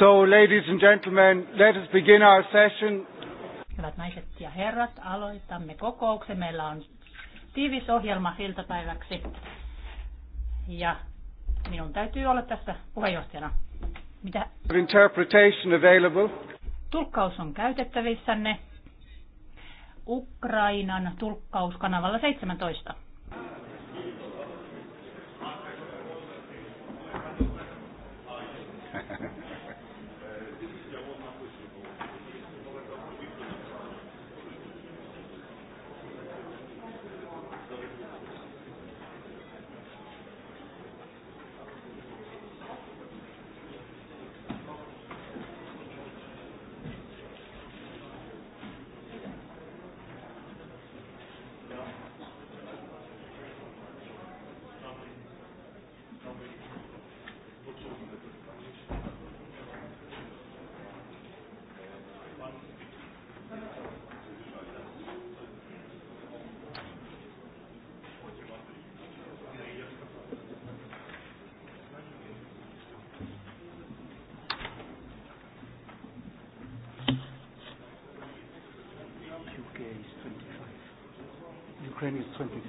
So, ladies and gentlemen, let us begin our session. Hyvät naiset ja herrat, aloitamme kokouksen. Meillä on tiivis ohjelma iltapäiväksi. Ja minun täytyy olla tässä puheenjohtajana. Mitä? Interpretation available. Tulkkaus on käytettävissänne. Ukrainan tulkkauskanavalla 17.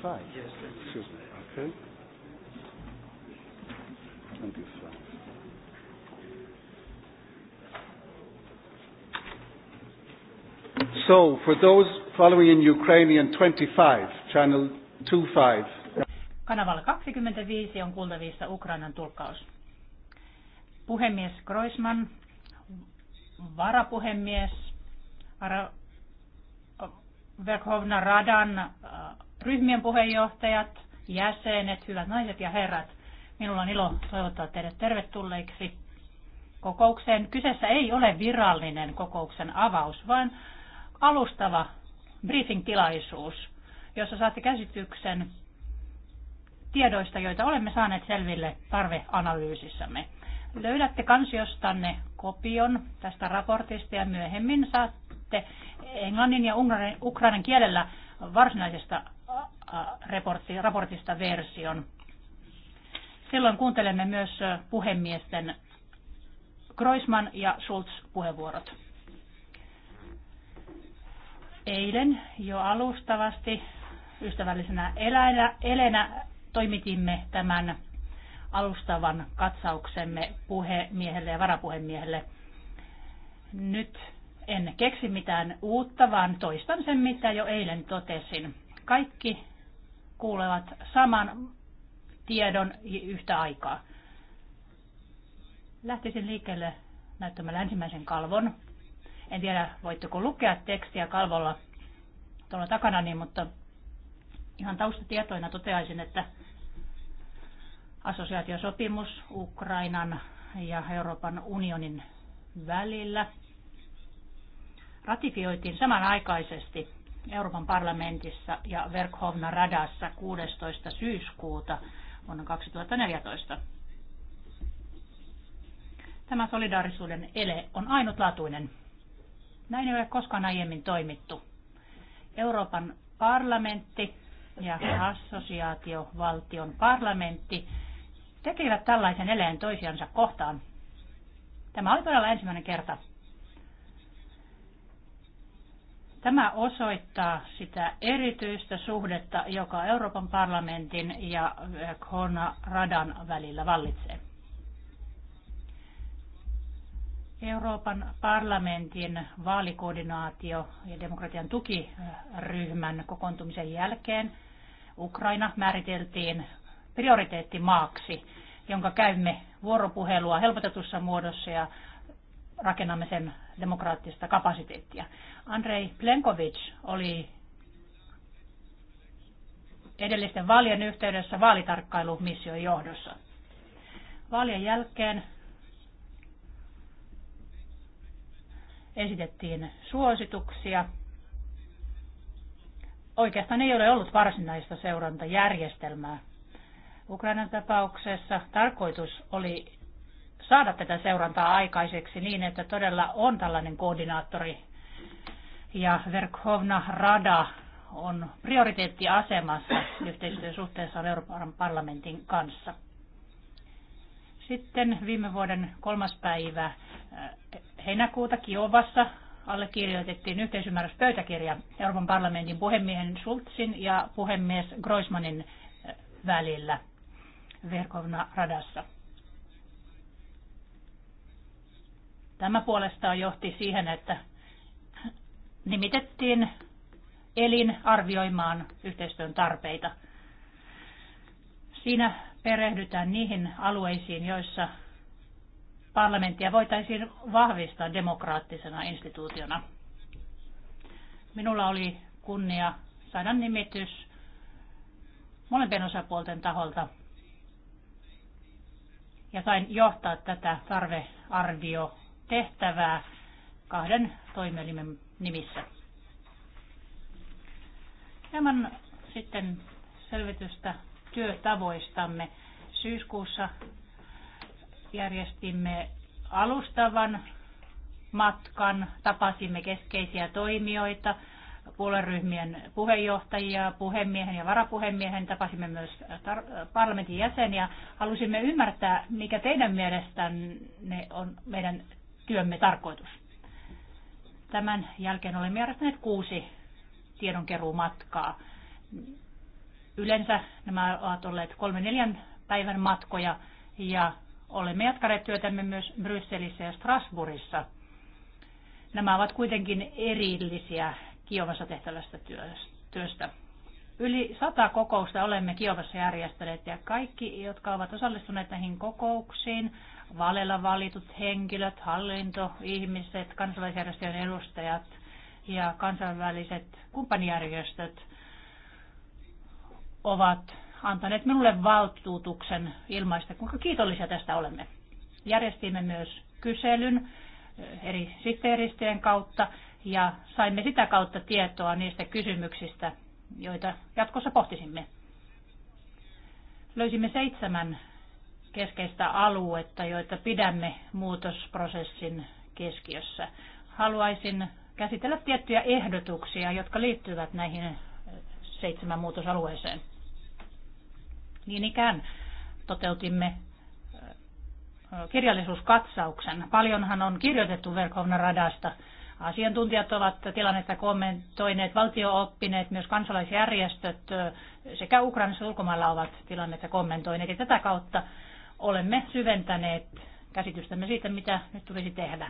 25. Yes, Excuse me. Okay. 25. So, for those following in Ukrainian 25, channel 25. Kanavalla 25 on kuultavissa Ukrainan tulkkaus. Puhemies Kroisman, varapuhemies, Verkhovna Radan äh, ryhmien puheenjohtajat, jäsenet, hyvät naiset ja herrat. Minulla on ilo toivottaa teidät tervetulleiksi kokoukseen. Kyseessä ei ole virallinen kokouksen avaus, vaan alustava briefing-tilaisuus, jossa saatte käsityksen tiedoista, joita olemme saaneet selville tarveanalyysissämme. Löydätte kansiostanne kopion tästä raportista ja myöhemmin saatte englannin ja ukrainan kielellä varsinaisesta raportista version. Silloin kuuntelemme myös puhemiesten Kroisman ja Schulz puheenvuorot. Eilen jo alustavasti ystävällisenä eläinä, Elena toimitimme tämän alustavan katsauksemme puhemiehelle ja varapuhemiehelle. Nyt en keksi mitään uutta, vaan toistan sen, mitä jo eilen totesin. Kaikki kuulevat saman tiedon yhtä aikaa. Lähtisin liikkeelle näyttämällä ensimmäisen kalvon. En tiedä, voitteko lukea tekstiä kalvolla tuolla niin, mutta ihan taustatietoina toteaisin, että assosiaatiosopimus Ukrainan ja Euroopan unionin välillä – ratifioitiin samanaikaisesti Euroopan parlamentissa ja Verkhovna Radassa 16. syyskuuta vuonna 2014. Tämä solidaarisuuden ele on ainutlaatuinen. Näin ei ole koskaan aiemmin toimittu. Euroopan parlamentti ja assosiaatiovaltion parlamentti tekivät tällaisen eleen toisiansa kohtaan. Tämä oli todella ensimmäinen kerta Tämä osoittaa sitä erityistä suhdetta, joka Euroopan parlamentin ja eh, Kona-radan välillä vallitsee. Euroopan parlamentin vaalikoordinaatio ja demokratian tukiryhmän kokoontumisen jälkeen Ukraina määriteltiin prioriteettimaaksi, jonka käymme vuoropuhelua helpotetussa muodossa ja rakennamme sen demokraattista kapasiteettia. Andrei Plenkovic oli edellisten vaalien yhteydessä vaalitarkkailumission johdossa. Vaalien jälkeen esitettiin suosituksia. Oikeastaan ei ole ollut varsinaista seurantajärjestelmää. Ukrainan tapauksessa tarkoitus oli saada tätä seurantaa aikaiseksi niin, että todella on tällainen koordinaattori. Ja Verkhovna Rada on prioriteettiasemassa yhteistyösuhteessa Euroopan parlamentin kanssa. Sitten viime vuoden kolmas päivä eh, heinäkuuta Kiovassa allekirjoitettiin yhteisymmärryspöytäkirja Euroopan parlamentin puhemiehen Schulzin ja puhemies Groismanin eh, välillä Verkovna radassa. Tämä puolestaan johti siihen, että nimitettiin elin arvioimaan yhteistyön tarpeita. Siinä perehdytään niihin alueisiin, joissa parlamenttia voitaisiin vahvistaa demokraattisena instituutiona. Minulla oli kunnia saada nimitys molempien osapuolten taholta ja sain johtaa tätä tarvearvio tehtävää kahden toimielimen nimissä. Hieman sitten selvitystä työtavoistamme. Syyskuussa järjestimme alustavan matkan, tapasimme keskeisiä toimijoita, puolueryhmien puheenjohtajia, puhemiehen ja varapuhemiehen, tapasimme myös parlamentin jäseniä. Halusimme ymmärtää, mikä teidän mielestänne on meidän työmme tarkoitus. Tämän jälkeen olemme järjestäneet kuusi tiedonkeruumatkaa. Yleensä nämä ovat olleet kolme neljän päivän matkoja ja olemme jatkaneet työtämme myös Brysselissä ja Strasbourgissa. Nämä ovat kuitenkin erillisiä Kiovassa tehtävästä työstä. Yli sata kokousta olemme Kiovassa järjestäneet ja kaikki, jotka ovat osallistuneet näihin kokouksiin, valella valitut henkilöt, hallinto, ihmiset, kansalaisjärjestöjen edustajat ja kansainväliset kumppanijärjestöt ovat antaneet minulle valtuutuksen ilmaista, kuinka kiitollisia tästä olemme. Järjestimme myös kyselyn eh, eri sihteeristöjen kautta ja saimme sitä kautta tietoa niistä kysymyksistä, joita jatkossa pohtisimme. Löysimme seitsemän keskeistä aluetta, joita pidämme muutosprosessin keskiössä. Haluaisin käsitellä tiettyjä ehdotuksia, jotka liittyvät näihin seitsemän muutosalueeseen. Niin ikään toteutimme äh, kirjallisuuskatsauksen. Paljonhan on kirjoitettu Verkhovna radasta Asiantuntijat ovat tilannetta kommentoineet, valtiooppineet, myös kansalaisjärjestöt sekä Ukrainassa ulkomailla ovat tilannetta kommentoineet. Ja tätä kautta olemme syventäneet käsitystämme siitä, mitä nyt tulisi tehdä.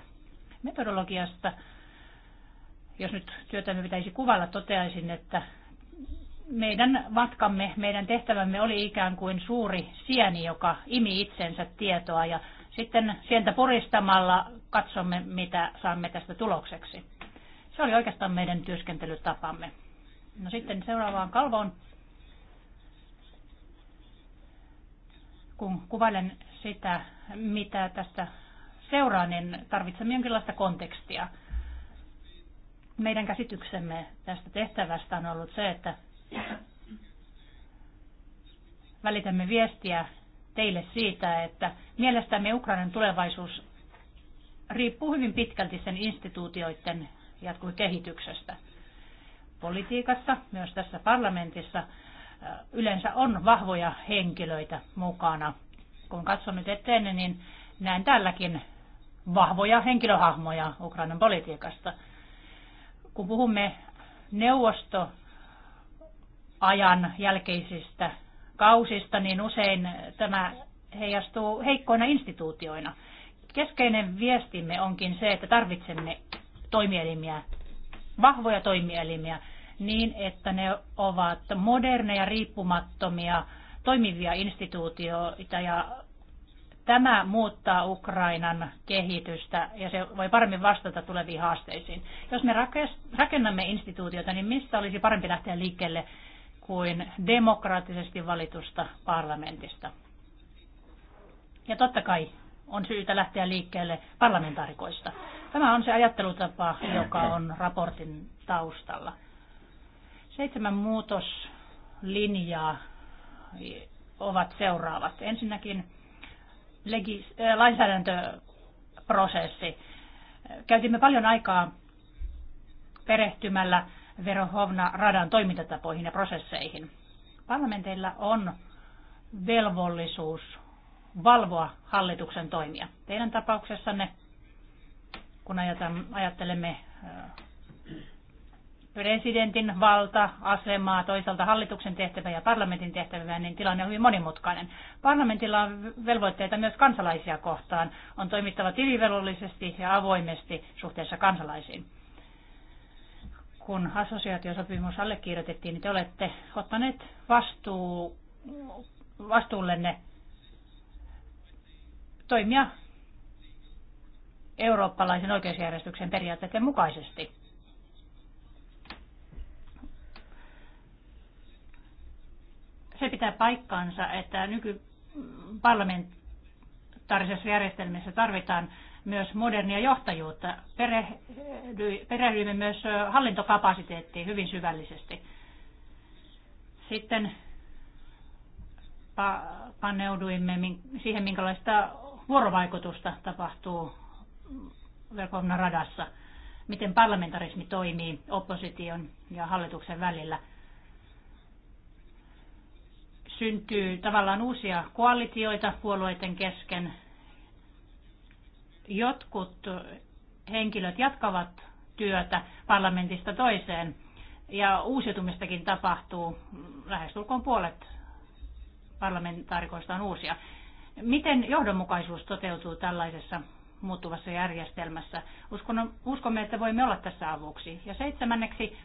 Metodologiasta, jos nyt työtämme pitäisi kuvalla, toteaisin, että meidän matkamme, meidän tehtävämme oli ikään kuin suuri sieni, joka imi itsensä tietoa ja sitten sieltä puristamalla katsomme, mitä saamme tästä tulokseksi. Se oli oikeastaan meidän työskentelytapamme. No sitten seuraavaan kalvoon. Kun kuvailen sitä, mitä tästä seuraa, niin tarvitsemme jonkinlaista kontekstia. Meidän käsityksemme tästä tehtävästä on ollut se, että välitämme viestiä teille siitä, että mielestämme Ukrainan tulevaisuus riippuu hyvin pitkälti sen instituutioiden kehityksestä Politiikassa, myös tässä parlamentissa, äh, yleensä on vahvoja henkilöitä mukana. Kun katson nyt eteen, niin näen tälläkin vahvoja henkilöhahmoja Ukrainan politiikasta. Kun puhumme neuvostoajan jälkeisistä kausista, niin usein tämä heijastuu heikkoina instituutioina. Keskeinen viestimme onkin se, että tarvitsemme toimielimiä, vahvoja toimielimiä, niin että ne ovat moderneja, riippumattomia, toimivia instituutioita ja tämä muuttaa Ukrainan kehitystä ja se voi paremmin vastata tuleviin haasteisiin. Jos me rakennamme instituutioita, niin mistä olisi parempi lähteä liikkeelle kuin demokraattisesti valitusta parlamentista. Ja totta kai on syytä lähteä liikkeelle parlamentaarikoista. Tämä on se ajattelutapa, joka on raportin taustalla. Seitsemän muutoslinjaa ovat seuraavat. Ensinnäkin legis- äh, lainsäädäntöprosessi. Käytimme paljon aikaa perehtymällä Verohovna-radan toimintatapoihin ja prosesseihin. Parlamenteilla on velvollisuus valvoa hallituksen toimia. Teidän tapauksessanne, kun ajattelemme äh, presidentin valta, asemaa, toisaalta hallituksen tehtävä ja parlamentin tehtävä, niin tilanne on hyvin monimutkainen. Parlamentilla on velvoitteita myös kansalaisia kohtaan. On toimittava tilivelvollisesti ja avoimesti suhteessa kansalaisiin kun assosiaatiosopimus allekirjoitettiin, niin te olette ottaneet vastuu, vastuullenne toimia eurooppalaisen oikeusjärjestyksen periaatteiden mukaisesti. Se pitää paikkansa, että nyky, järjestelmässä tarvitaan myös modernia johtajuutta. Perehdyimme myös hallintokapasiteettiin hyvin syvällisesti. Sitten paneuduimme siihen, minkälaista vuorovaikutusta tapahtuu verkon radassa, miten parlamentarismi toimii opposition ja hallituksen välillä. Syntyy tavallaan uusia koalitioita puolueiden kesken jotkut henkilöt jatkavat työtä parlamentista toiseen ja uusiutumistakin tapahtuu. Lähestulkoon puolet parlamentaarikoista on uusia. Miten johdonmukaisuus toteutuu tällaisessa muuttuvassa järjestelmässä? Uskon, uskomme, että voimme olla tässä avuksi. Ja seitsemänneksi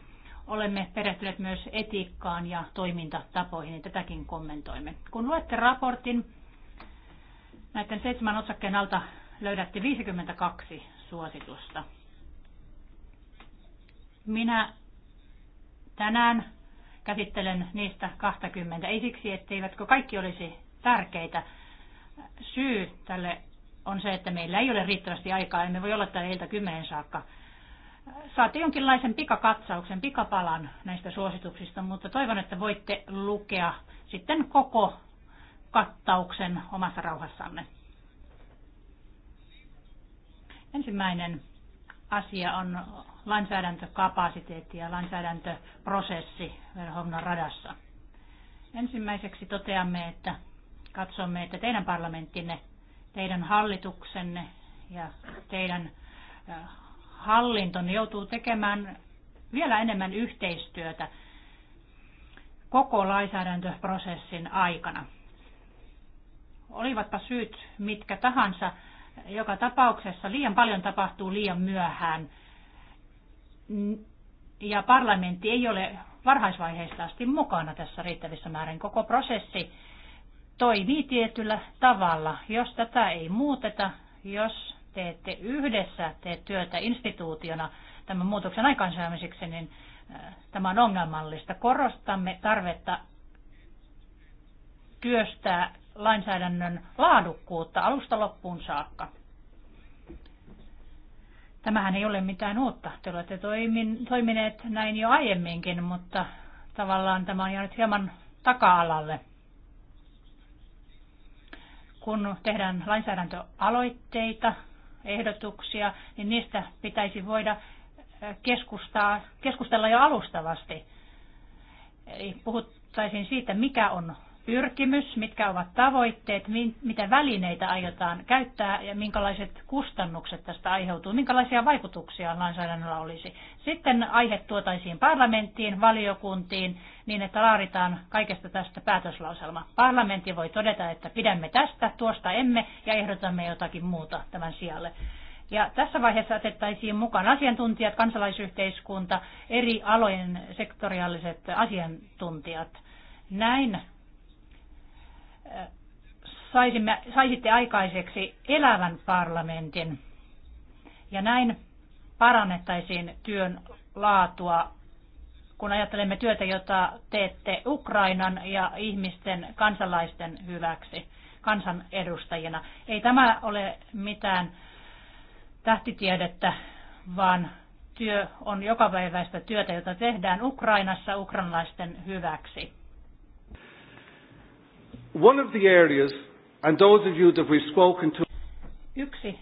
olemme perehtyneet myös etiikkaan ja toimintatapoihin, ja niin tätäkin kommentoimme. Kun luette raportin, näiden seitsemän otsakkeen alta löydätte 52 suositusta. Minä tänään käsittelen niistä 20. Ei siksi, etteivätkö kaikki olisi tärkeitä. Syy tälle on se, että meillä ei ole riittävästi aikaa, emme voi olla täällä ilta kymmenen saakka. Saatte jonkinlaisen pikakatsauksen, pikapalan näistä suosituksista, mutta toivon, että voitte lukea sitten koko kattauksen omassa rauhassanne. Ensimmäinen asia on lainsäädäntökapasiteetti ja lainsäädäntöprosessi Verhovnan radassa. Ensimmäiseksi toteamme, että katsomme, että teidän parlamenttinne, teidän hallituksenne ja teidän hallintonne joutuu tekemään vielä enemmän yhteistyötä koko lainsäädäntöprosessin aikana. Olivatpa syyt mitkä tahansa, joka tapauksessa liian paljon tapahtuu liian myöhään ja parlamentti ei ole varhaisvaiheesta asti mukana tässä riittävissä määrin. Koko prosessi toimii tietyllä tavalla. Jos tätä ei muuteta, jos te ette yhdessä tee työtä instituutiona tämän muutoksen aikaansaamiseksi, niin äh, tämä on ongelmallista. Korostamme tarvetta työstää lainsäädännön laadukkuutta alusta loppuun saakka. Tämähän ei ole mitään uutta. Te olette toimin, toimineet näin jo aiemminkin, mutta tavallaan tämä on jäänyt hieman taka-alalle. Kun tehdään lainsäädäntöaloitteita, ehdotuksia, niin niistä pitäisi voida eh, keskustaa, keskustella jo alustavasti. Eli puhuttaisiin siitä, mikä on pyrkimys, mitkä ovat tavoitteet, mitä välineitä aiotaan käyttää ja minkälaiset kustannukset tästä aiheutuu, minkälaisia vaikutuksia lainsäädännöllä olisi. Sitten aihe tuotaisiin parlamenttiin, valiokuntiin, niin että laaditaan kaikesta tästä päätöslauselma. Parlamentti voi todeta, että pidämme tästä, tuosta emme ja ehdotamme jotakin muuta tämän sijalle. Ja tässä vaiheessa otettaisiin mukaan asiantuntijat, kansalaisyhteiskunta, eri alojen sektoriaaliset asiantuntijat. Näin saisimme, saisitte aikaiseksi elävän parlamentin. Ja näin parannettaisiin työn laatua, kun ajattelemme työtä, jota teette Ukrainan ja ihmisten kansalaisten hyväksi kansanedustajina. Ei tämä ole mitään tähtitiedettä, vaan työ on jokapäiväistä työtä, jota tehdään Ukrainassa ukrainalaisten hyväksi. One of the areas, and those of you that we've spoken to... Yksi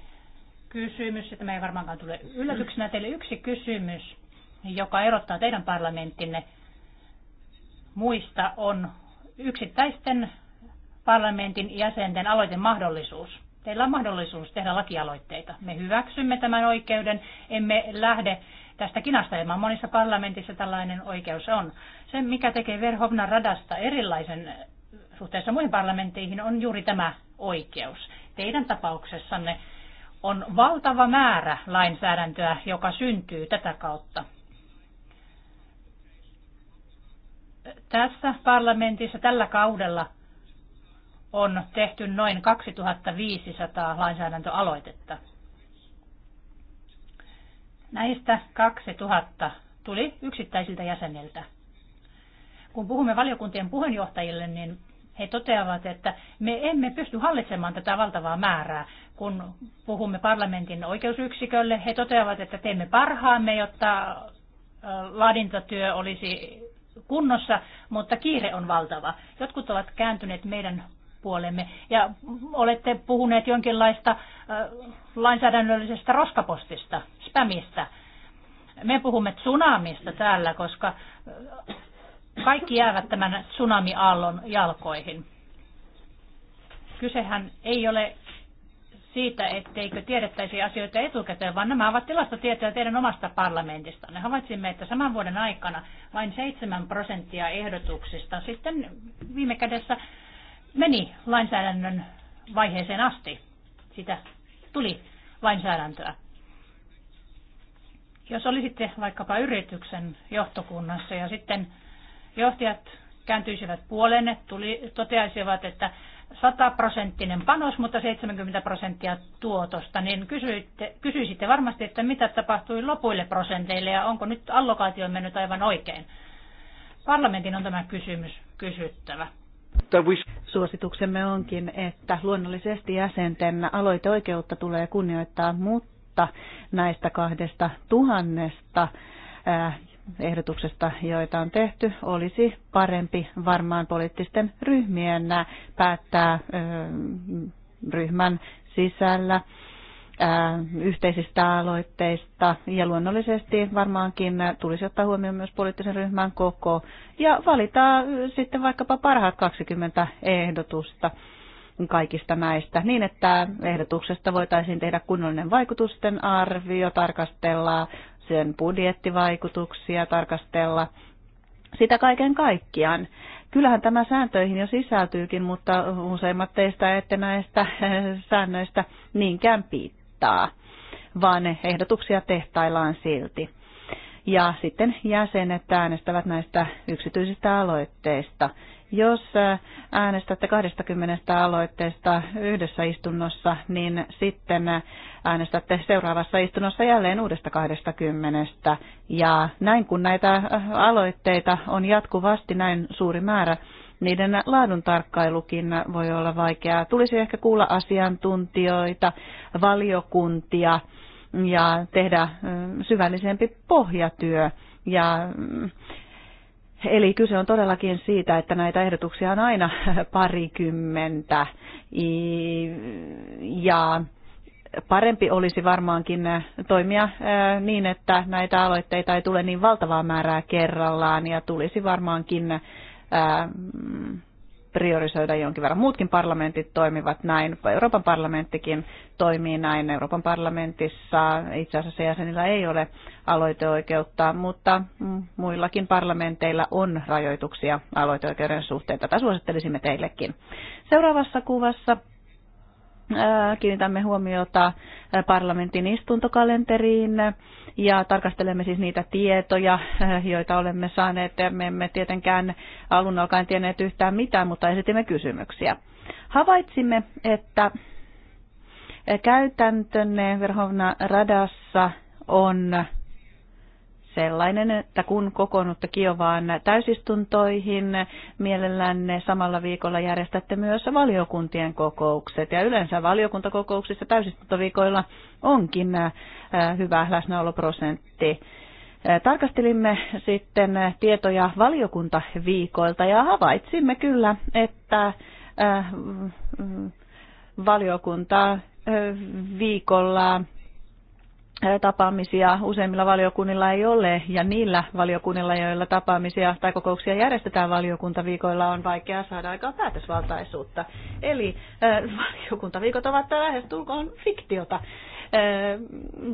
kysymys, että me ei varmaankaan tule yllätyksenä teille, yksi kysymys, joka erottaa teidän parlamenttinne muista, on yksittäisten parlamentin jäsenten mahdollisuus. Teillä on mahdollisuus tehdä lakialoitteita. Me hyväksymme tämän oikeuden, emme lähde tästä kinastelemaan. Monissa parlamentissa tällainen oikeus on. Se, mikä tekee Verhovnan radasta erilaisen suhteessa muihin parlamentteihin on juuri tämä oikeus. Teidän tapauksessanne on valtava määrä lainsäädäntöä, joka syntyy tätä kautta. Tässä parlamentissa tällä kaudella on tehty noin 2500 lainsäädäntöaloitetta. Näistä 2000 tuli yksittäisiltä jäseniltä. Kun puhumme valiokuntien puheenjohtajille, niin he toteavat, että me emme pysty hallitsemaan tätä valtavaa määrää. Kun puhumme parlamentin oikeusyksikölle, he toteavat, että teemme parhaamme, jotta laadintatyö olisi kunnossa, mutta kiire on valtava. Jotkut ovat kääntyneet meidän puolemme ja olette puhuneet jonkinlaista lainsäädännöllisestä roskapostista, spämistä. Me puhumme tsunamista täällä, koska kaikki jäävät tämän tsunamiaallon jalkoihin. Kysehän ei ole siitä, etteikö tiedettäisi asioita etukäteen, vaan nämä ovat tilastotietoja teidän omasta parlamentista. Ne havaitsimme, että saman vuoden aikana vain 7 prosenttia ehdotuksista sitten viime kädessä meni lainsäädännön vaiheeseen asti. Sitä tuli lainsäädäntöä. Jos olisitte vaikkapa yrityksen johtokunnassa ja sitten johtajat kääntyisivät puolenne, tuli, toteaisivat, että 100 prosenttinen panos, mutta 70 prosenttia tuotosta, niin kysyitte, kysyisitte varmasti, että mitä tapahtui lopuille prosenteille ja onko nyt allokaatio mennyt aivan oikein. Parlamentin on tämä kysymys kysyttävä. Suosituksemme onkin, että luonnollisesti jäsenten aloiteoikeutta tulee kunnioittaa, mutta näistä kahdesta tuhannesta ehdotuksesta, joita on tehty, olisi parempi varmaan poliittisten ryhmien päättää ryhmän sisällä yhteisistä aloitteista ja luonnollisesti varmaankin tulisi ottaa huomioon myös poliittisen ryhmän koko ja valita sitten vaikkapa parhaat 20 ehdotusta kaikista näistä niin, että ehdotuksesta voitaisiin tehdä kunnollinen vaikutusten arvio, tarkastella sen budjettivaikutuksia tarkastella, sitä kaiken kaikkiaan. Kyllähän tämä sääntöihin jo sisältyykin, mutta useimmat teistä ette näistä säännöistä niinkään piittaa, vaan ehdotuksia tehtaillaan silti ja sitten jäsenet äänestävät näistä yksityisistä aloitteista. Jos äh, äänestätte 20 aloitteesta yhdessä istunnossa, niin sitten äh, äänestätte seuraavassa istunnossa jälleen uudesta 20. Ja näin kun näitä äh, aloitteita on jatkuvasti näin suuri määrä, niiden laadun tarkkailukin voi olla vaikeaa. Tulisi ehkä kuulla asiantuntijoita, valiokuntia, ja tehdä syvällisempi pohjatyö. Ja, eli kyse on todellakin siitä, että näitä ehdotuksia on aina parikymmentä ja parempi olisi varmaankin toimia niin, että näitä aloitteita ei tule niin valtavaa määrää kerrallaan ja tulisi varmaankin priorisoida jonkin verran. Muutkin parlamentit toimivat näin, Euroopan parlamenttikin toimii näin. Euroopan parlamentissa itse asiassa jäsenillä ei ole aloiteoikeutta, mutta mm, muillakin parlamenteilla on rajoituksia aloiteoikeuden suhteen. Tätä suosittelisimme teillekin. Seuraavassa kuvassa kiinnitämme huomiota parlamentin istuntokalenteriin ja tarkastelemme siis niitä tietoja, joita olemme saaneet. Me emme tietenkään alun alkaen tienneet yhtään mitään, mutta esitimme kysymyksiä. Havaitsimme, että käytäntönne Verhovna Radassa on sellainen, että kun kokoonnutte Kiovaan täysistuntoihin, mielellänne samalla viikolla järjestätte myös valiokuntien kokoukset. Ja yleensä valiokuntakokouksissa täysistuntoviikoilla onkin äh, hyvä läsnäoloprosentti. Äh, tarkastelimme sitten tietoja valiokuntaviikoilta ja havaitsimme kyllä, että äh, valiokunta viikolla tapaamisia useimmilla valiokunnilla ei ole, ja niillä valiokunnilla, joilla tapaamisia tai kokouksia järjestetään valiokuntaviikoilla, on vaikea saada aikaa päätösvaltaisuutta. Eli äh, valiokuntaviikot ovat tulkoon fiktiota. Äh,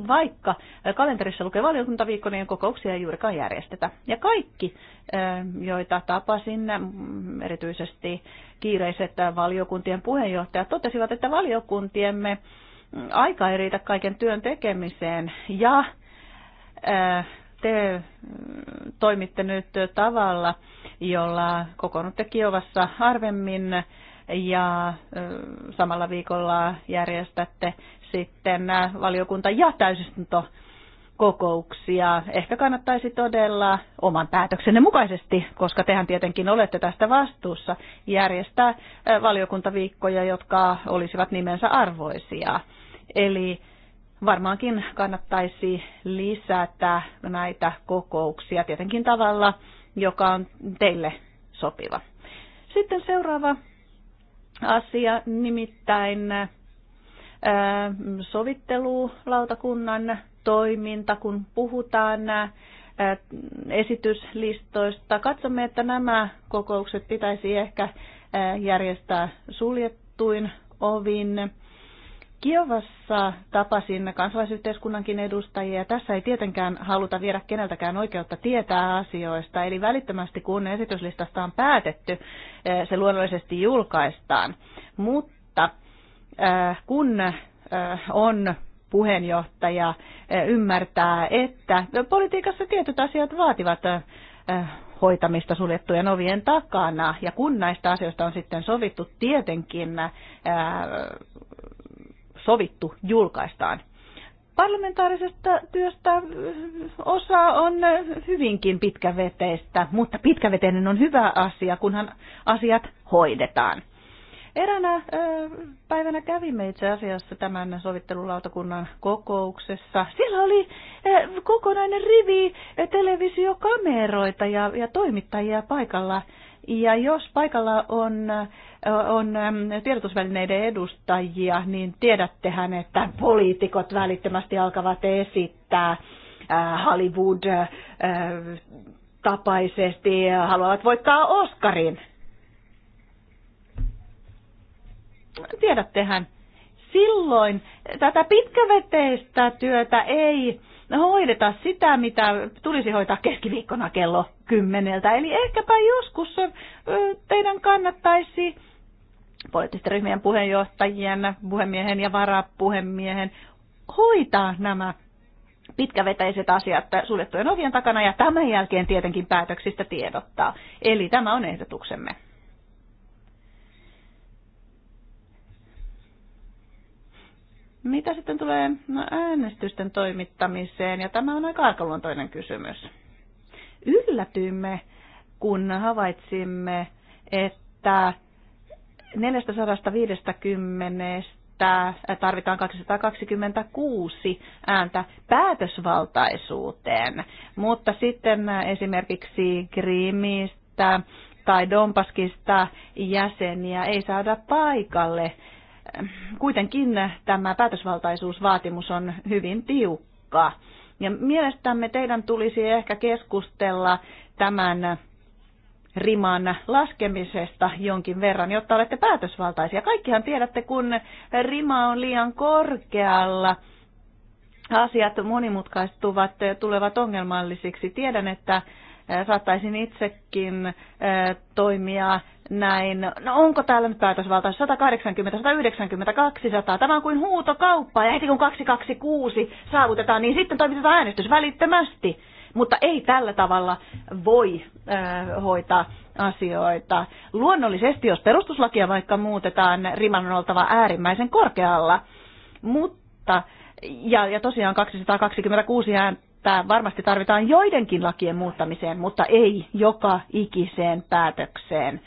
vaikka kalenterissa lukee valiokuntaviikko, niin kokouksia ei juurikaan järjestetä. Ja kaikki, äh, joita tapasin, erityisesti kiireiset valiokuntien puheenjohtajat, totesivat, että valiokuntiemme äh, aika ei riitä kaiken työn tekemiseen ja äh, te äh, toimitte nyt tavalla, jolla kokoonnutte Kiovassa harvemmin ja äh, samalla viikolla järjestätte sitten valiokunta- ja täysistunto kokouksia. Ehkä kannattaisi todella oman päätöksenne mukaisesti, koska tehän tietenkin olette tästä vastuussa, järjestää valiokuntaviikkoja, jotka olisivat nimensä arvoisia. Eli varmaankin kannattaisi lisätä näitä kokouksia tietenkin tavalla, joka on teille sopiva. Sitten seuraava asia, nimittäin sovittelulautakunnan toiminta, kun puhutaan esityslistoista. Katsomme, että nämä kokoukset pitäisi ehkä järjestää suljettuin ovin Kiovassa tapasimme kansalaisyhteiskunnankin edustajia. Tässä ei tietenkään haluta viedä keneltäkään oikeutta tietää asioista, eli välittömästi kun esityslistasta on päätetty, eh, se luonnollisesti julkaistaan. Mutta eh, kun eh, on puheenjohtaja, ymmärtää, että politiikassa tietyt asiat vaativat hoitamista suljettujen ovien takana. Ja kun näistä asioista on sitten sovittu, tietenkin sovittu julkaistaan. Parlamentaarisesta työstä mm, osa on äh, hyvinkin pitkäveteistä, mutta pitkäveteinen on hyvä asia, kunhan asiat hoidetaan. Eränä äh, päivänä kävimme itse asiassa tämän sovittelulautakunnan kokouksessa. Siellä oli äh, kokonainen rivi televisiokameroita ja, ja toimittajia paikalla. Ja jos paikalla on, on ähm, tiedotusvälineiden edustajia, niin tiedättehän, että poliitikot välittömästi alkavat esittää äh, Hollywood-tapaisesti äh, ja haluavat voittaa Oscarin. Tiedättehän, silloin tätä pitkäveteistä työtä ei hoideta sitä, mitä tulisi hoitaa keskiviikkona kello kymmeneltä. Eli ehkäpä joskus teidän kannattaisi poliittisten ryhmien puheenjohtajien, puhemiehen ja varapuhemiehen hoitaa nämä pitkävetäiset asiat suljettujen ovien takana ja tämän jälkeen tietenkin päätöksistä tiedottaa. Eli tämä on ehdotuksemme. Mitä sitten tulee no, äänestysten toimittamiseen, ja tämä on aika arkaluontoinen kysymys. Yllätyimme, kun havaitsimme, että 450 tarvitaan 226 ääntä päätösvaltaisuuteen, mutta sitten esimerkiksi Krimistä tai Dompaskista jäseniä ei saada paikalle Kuitenkin tämä päätösvaltaisuusvaatimus on hyvin tiukka. Ja mielestämme teidän tulisi ehkä keskustella tämän riman laskemisesta jonkin verran, jotta olette päätösvaltaisia. Kaikkihan tiedätte, kun rima on liian korkealla, asiat monimutkaistuvat ja tulevat ongelmallisiksi. Tiedän, että saattaisin itsekin eh, toimia näin, no onko täällä nyt päätösvalta 180, 190, 200, tämä on kuin huutokauppa ja heti kun 226 saavutetaan, niin sitten toimitetaan äänestys välittömästi. Mutta ei tällä tavalla voi äh, hoitaa asioita. Luonnollisesti, jos perustuslakia vaikka muutetaan, riman on oltava äärimmäisen korkealla. Mutta, ja, ja tosiaan 226 ääntä tämä varmasti tarvitaan joidenkin lakien muuttamiseen, mutta ei joka ikiseen päätökseen.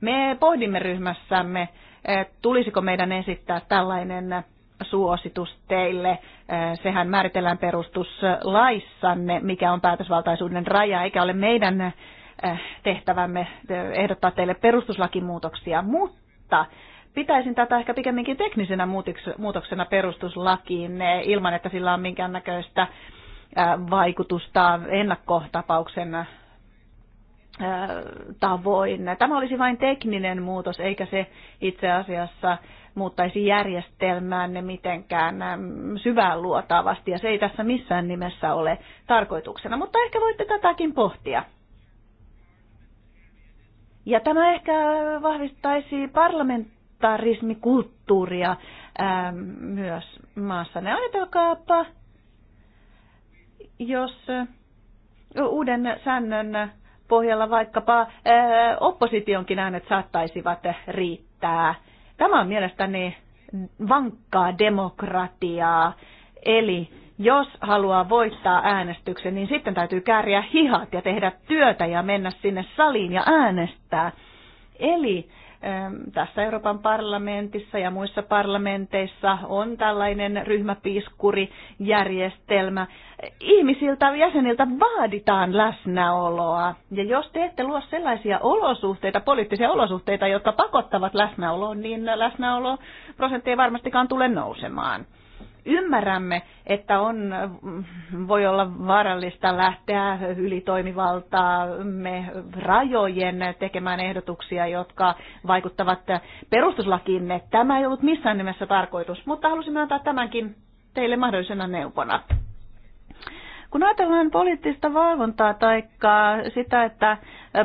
Me pohdimme ryhmässämme, eh, tulisiko meidän esittää tällainen suositus teille. Eh, sehän määritellään perustuslaissanne, mikä on päätösvaltaisuuden raja, eikä ole meidän eh, tehtävämme ehdottaa teille perustuslakimuutoksia, mutta pitäisin tätä ehkä pikemminkin teknisenä muutoksena perustuslakiin ilman, että sillä on minkäännäköistä vaikutusta ennakkotapauksen tavoin. Tämä olisi vain tekninen muutos, eikä se itse asiassa muuttaisi järjestelmäänne mitenkään syvään luotaavasti, ja se ei tässä missään nimessä ole tarkoituksena, mutta ehkä voitte tätäkin pohtia. Ja tämä ehkä vahvistaisi parlamentarismikulttuuria ää, myös maassanne. Ajatelkaapa, jos uuden säännön pohjalla vaikkapa oppositionkin äänet saattaisivat riittää. Tämä on mielestäni vankkaa demokratiaa. Eli jos haluaa voittaa äänestyksen, niin sitten täytyy kääriä hihat ja tehdä työtä ja mennä sinne saliin ja äänestää. Eli tässä Euroopan parlamentissa ja muissa parlamenteissa on tällainen ryhmäpiiskurijärjestelmä. Ihmisiltä, jäseniltä vaaditaan läsnäoloa. Ja jos te ette luo sellaisia olosuhteita, poliittisia olosuhteita, jotka pakottavat läsnäoloon, niin läsnäolo prosentti ei varmastikaan tule nousemaan. Ymmärrämme, että on, voi olla vaarallista lähteä ylitoimivaltaa me rajojen tekemään ehdotuksia, jotka vaikuttavat perustuslakiin. Tämä ei ollut missään nimessä tarkoitus, mutta halusimme antaa tämänkin teille mahdollisena neuvona. Kun ajatellaan poliittista valvontaa tai sitä, että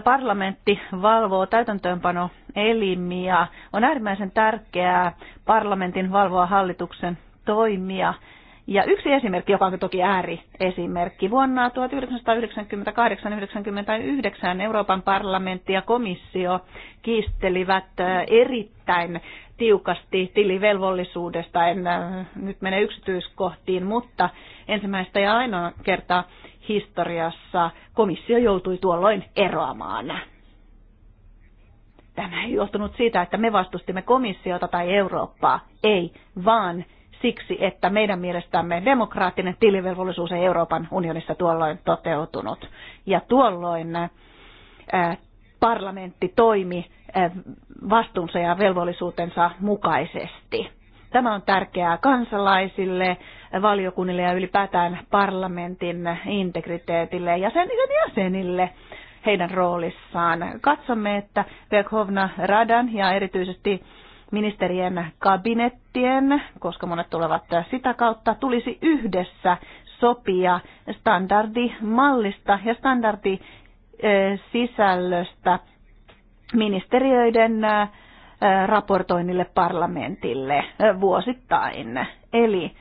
parlamentti valvoo täytäntöönpanoelimiä, on äärimmäisen tärkeää parlamentin valvoa hallituksen toimia. Ja yksi esimerkki, joka on toki ääriesimerkki, vuonna 1998-1999 Euroopan parlamentti ja komissio kiistelivät äh, erittäin tiukasti tilivelvollisuudesta. En äh, nyt mene yksityiskohtiin, mutta ensimmäistä ja ainoa kertaa historiassa komissio joutui tuolloin eroamaan. Tämä ei johtunut siitä, että me vastustimme komissiota tai Eurooppaa, ei, vaan siksi, että meidän mielestämme demokraattinen tilivelvollisuus ei Euroopan unionissa tuolloin toteutunut. Ja tuolloin äh, parlamentti toimi äh, vastuunsa ja velvollisuutensa mukaisesti. Tämä on tärkeää kansalaisille, valiokunnille ja ylipäätään parlamentin integriteetille ja sen jäsenille heidän roolissaan. Katsomme, että Verkhovna Radan ja erityisesti ministerien kabinettien, koska monet tulevat sitä kautta, tulisi yhdessä sopia standardimallista ja standardisisällöstä eh, ministeriöiden eh, raportoinnille parlamentille eh, vuosittain. Eli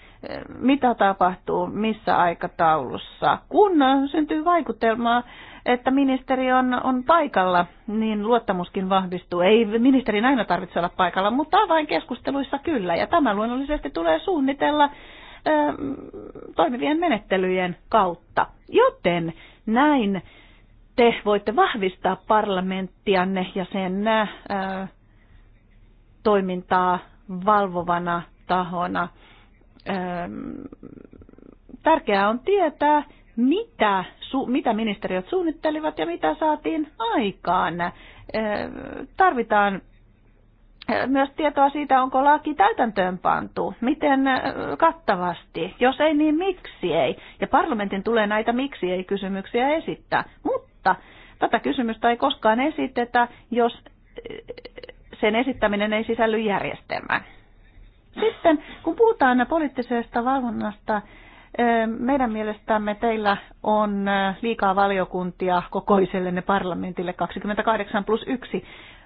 mitä tapahtuu, missä aikataulussa, kun syntyy vaikutelmaa että ministeri on, on paikalla, niin luottamuskin vahvistuu. Ei ministerin aina tarvitse olla paikalla, mutta vain keskusteluissa kyllä. Ja tämä luonnollisesti tulee suunnitella ö, toimivien menettelyjen kautta. Joten näin te voitte vahvistaa parlamenttianne ja sen ö, toimintaa valvovana tahona. Ö, tärkeää on tietää, mitä, su, mitä ministeriöt suunnittelivat ja mitä saatiin aikaan. Tarvitaan myös tietoa siitä, onko laki täytäntöön pantu, miten kattavasti, jos ei niin miksi ei. Ja parlamentin tulee näitä miksi ei kysymyksiä esittää, mutta tätä kysymystä ei koskaan esitetä, jos sen esittäminen ei sisälly järjestelmään. Sitten kun puhutaan poliittisesta valvonnasta, meidän mielestämme teillä on liikaa valiokuntia kokoisellenne parlamentille 28 plus 1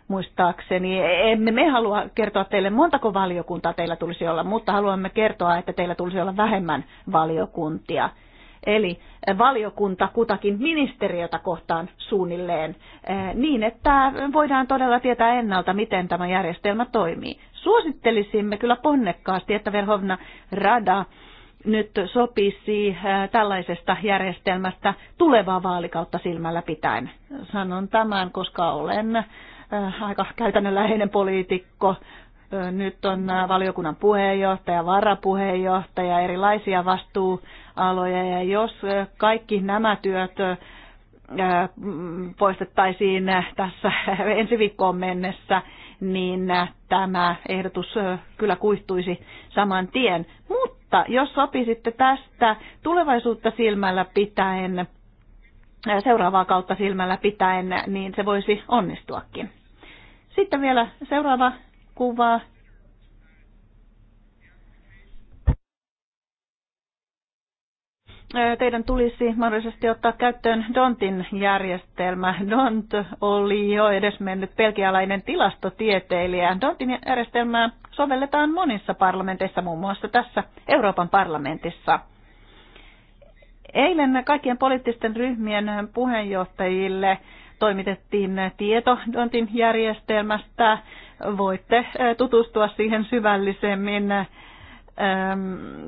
muistaakseni. Emme me halua kertoa teille montako valiokuntaa teillä tulisi olla, mutta haluamme kertoa, että teillä tulisi olla vähemmän valiokuntia. Eli valiokunta kutakin ministeriötä kohtaan suunnilleen niin, että voidaan todella tietää ennalta, miten tämä järjestelmä toimii. Suosittelisimme kyllä ponnekkaasti, että Verhovna Rada nyt sopisi tällaisesta järjestelmästä tulevaa vaalikautta silmällä pitäen. Sanon tämän, koska olen aika käytännönläheinen poliitikko. Nyt on valiokunnan puheenjohtaja, varapuheenjohtaja, erilaisia vastuualoja ja jos kaikki nämä työt poistettaisiin tässä ensi viikkoon mennessä, niin tämä ehdotus kyllä kuihtuisi saman tien. Mutta mutta jos sopisitte tästä tulevaisuutta silmällä pitäen, äh, seuraavaa kautta silmällä pitäen, niin se voisi onnistuakin. Sitten vielä seuraava kuva. Äh, teidän tulisi mahdollisesti ottaa käyttöön Dontin järjestelmä. Dont oli jo edesmennyt pelkialainen tilastotieteilijä. Dontin järjestelmää sovelletaan monissa parlamenteissa, muun muassa tässä Euroopan parlamentissa. Eilen kaikkien poliittisten ryhmien puheenjohtajille toimitettiin tieto Dontin järjestelmästä. Voitte tutustua siihen syvällisemmin.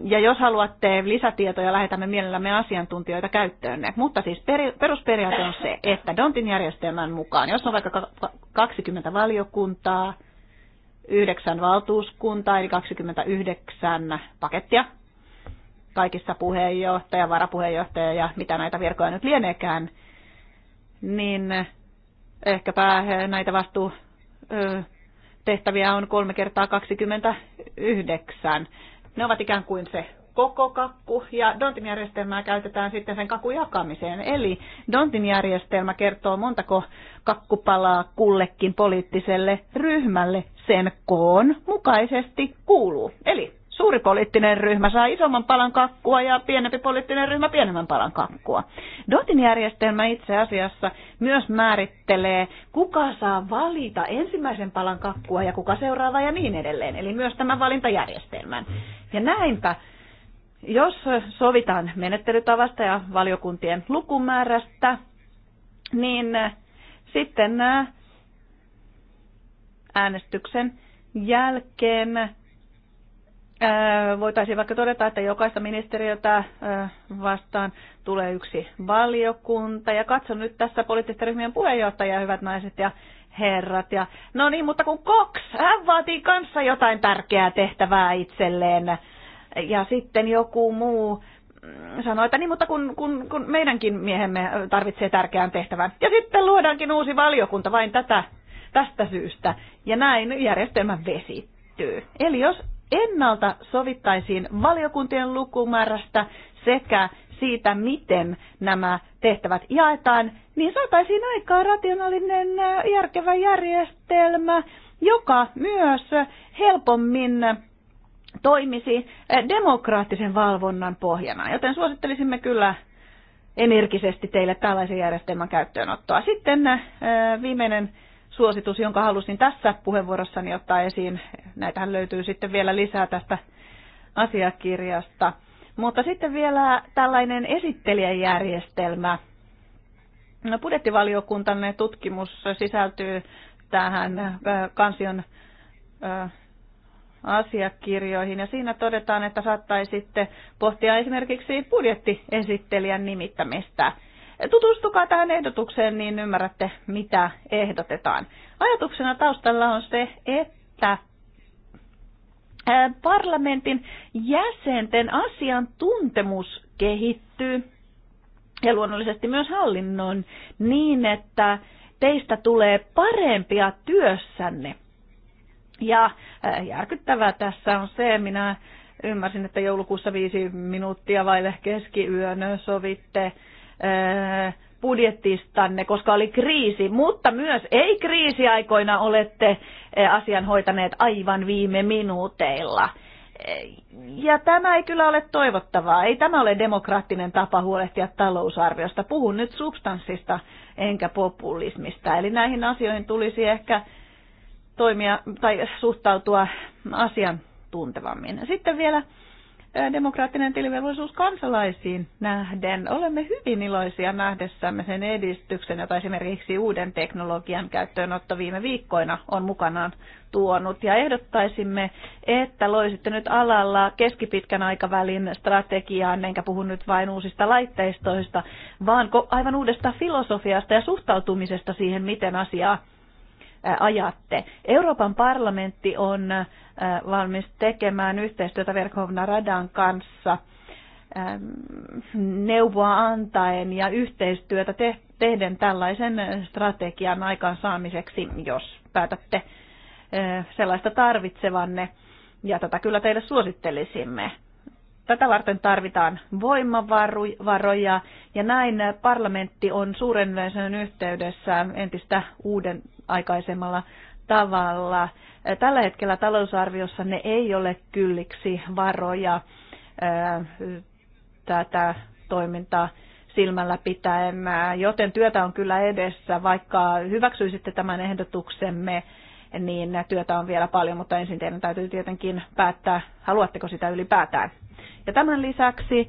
Ja jos haluatte lisätietoja, lähetämme mielellämme asiantuntijoita käyttöönne. Mutta siis perusperiaate on se, että Dontin järjestelmän mukaan, jos on vaikka 20 valiokuntaa, yhdeksän valtuuskuntaa, eli 29 pakettia kaikissa puheenjohtaja, varapuheenjohtaja ja mitä näitä virkoja nyt lieneekään, niin ehkäpä näitä vastuu tehtäviä on kolme kertaa 29. Ne ovat ikään kuin se koko kakku ja Dontin järjestelmää käytetään sitten sen kakun jakamiseen. Eli Dontin järjestelmä kertoo montako kakkupalaa kullekin poliittiselle ryhmälle sen koon mukaisesti kuuluu. Eli suuri poliittinen ryhmä saa isomman palan kakkua ja pienempi poliittinen ryhmä pienemmän palan kakkua. Dotin järjestelmä itse asiassa myös määrittelee, kuka saa valita ensimmäisen palan kakkua ja kuka seuraava ja niin edelleen. Eli myös tämän valintajärjestelmän. Ja näinpä jos sovitaan menettelytavasta ja valiokuntien lukumäärästä, niin sitten äh, äänestyksen jälkeen äh, voitaisiin vaikka todeta, että jokaista ministeriötä äh, vastaan tulee yksi valiokunta. Ja katson nyt tässä poliittisten ryhmien puheenjohtajia, hyvät naiset ja herrat. Ja, no niin, mutta kun Cox, hän vaatii kanssa jotain tärkeää tehtävää itselleen. Ja sitten joku muu sanoi, että niin, mutta kun, kun, kun meidänkin miehemme tarvitsee tärkeän tehtävän. Ja sitten luodaankin uusi valiokunta vain tätä, tästä syystä. Ja näin järjestelmä vesittyy. Eli jos ennalta sovittaisiin valiokuntien lukumäärästä sekä siitä, miten nämä tehtävät jaetaan, niin saataisiin aikaa rationaalinen äh, järkevä järjestelmä, joka myös helpommin toimisi eh, demokraattisen valvonnan pohjana. Joten suosittelisimme kyllä energisesti teille tällaisen järjestelmän käyttöönottoa. Sitten eh, viimeinen suositus, jonka halusin tässä puheenvuorossani ottaa esiin. Näitähän löytyy sitten vielä lisää tästä asiakirjasta. Mutta sitten vielä tällainen esittelijäjärjestelmä. No, budjettivaliokuntanne tutkimus sisältyy tähän eh, kansion asiakirjoihin. Ja siinä todetaan, että saattaisitte pohtia esimerkiksi budjettiesittelijän nimittämistä. Tutustukaa tähän ehdotukseen, niin ymmärrätte, mitä ehdotetaan. Ajatuksena taustalla on se, että parlamentin jäsenten asiantuntemus kehittyy ja luonnollisesti myös hallinnon niin, että teistä tulee parempia työssänne ja äh, järkyttävää tässä on se, minä ymmärsin, että joulukuussa viisi minuuttia vaille keskiyön sovitte äh, budjettistanne, koska oli kriisi, mutta myös ei-kriisiaikoina olette äh, asian hoitaneet aivan viime minuuteilla. Ja tämä ei kyllä ole toivottavaa. Ei tämä ole demokraattinen tapa huolehtia talousarviosta. Puhun nyt substanssista enkä populismista. Eli näihin asioihin tulisi ehkä toimia tai suhtautua asian tuntevammin. Sitten vielä demokraattinen tilivelvollisuus kansalaisiin nähden. Olemme hyvin iloisia nähdessämme sen edistyksen, jota esimerkiksi uuden teknologian käyttöönotto viime viikkoina on mukanaan tuonut. Ja ehdottaisimme, että loisitte nyt alalla keskipitkän aikavälin strategiaan, enkä puhu nyt vain uusista laitteistoista, vaan aivan uudesta filosofiasta ja suhtautumisesta siihen, miten asiaa ajatte. Euroopan parlamentti on valmis tekemään yhteistyötä Verkhovna Radan kanssa neuvoa antaen ja yhteistyötä tehden tällaisen strategian aikaansaamiseksi, jos päätätte sellaista tarvitsevanne. Ja tätä kyllä teille suosittelisimme. Tätä varten tarvitaan voimavaroja ja näin parlamentti on suuren yleisön yhteydessä entistä uuden aikaisemmalla tavalla. Tällä hetkellä talousarviossa ne ei ole kylliksi varoja tätä toimintaa silmällä pitäen, joten työtä on kyllä edessä. Vaikka hyväksyisitte tämän ehdotuksemme, niin työtä on vielä paljon, mutta ensin teidän täytyy tietenkin päättää, haluatteko sitä ylipäätään. Ja tämän lisäksi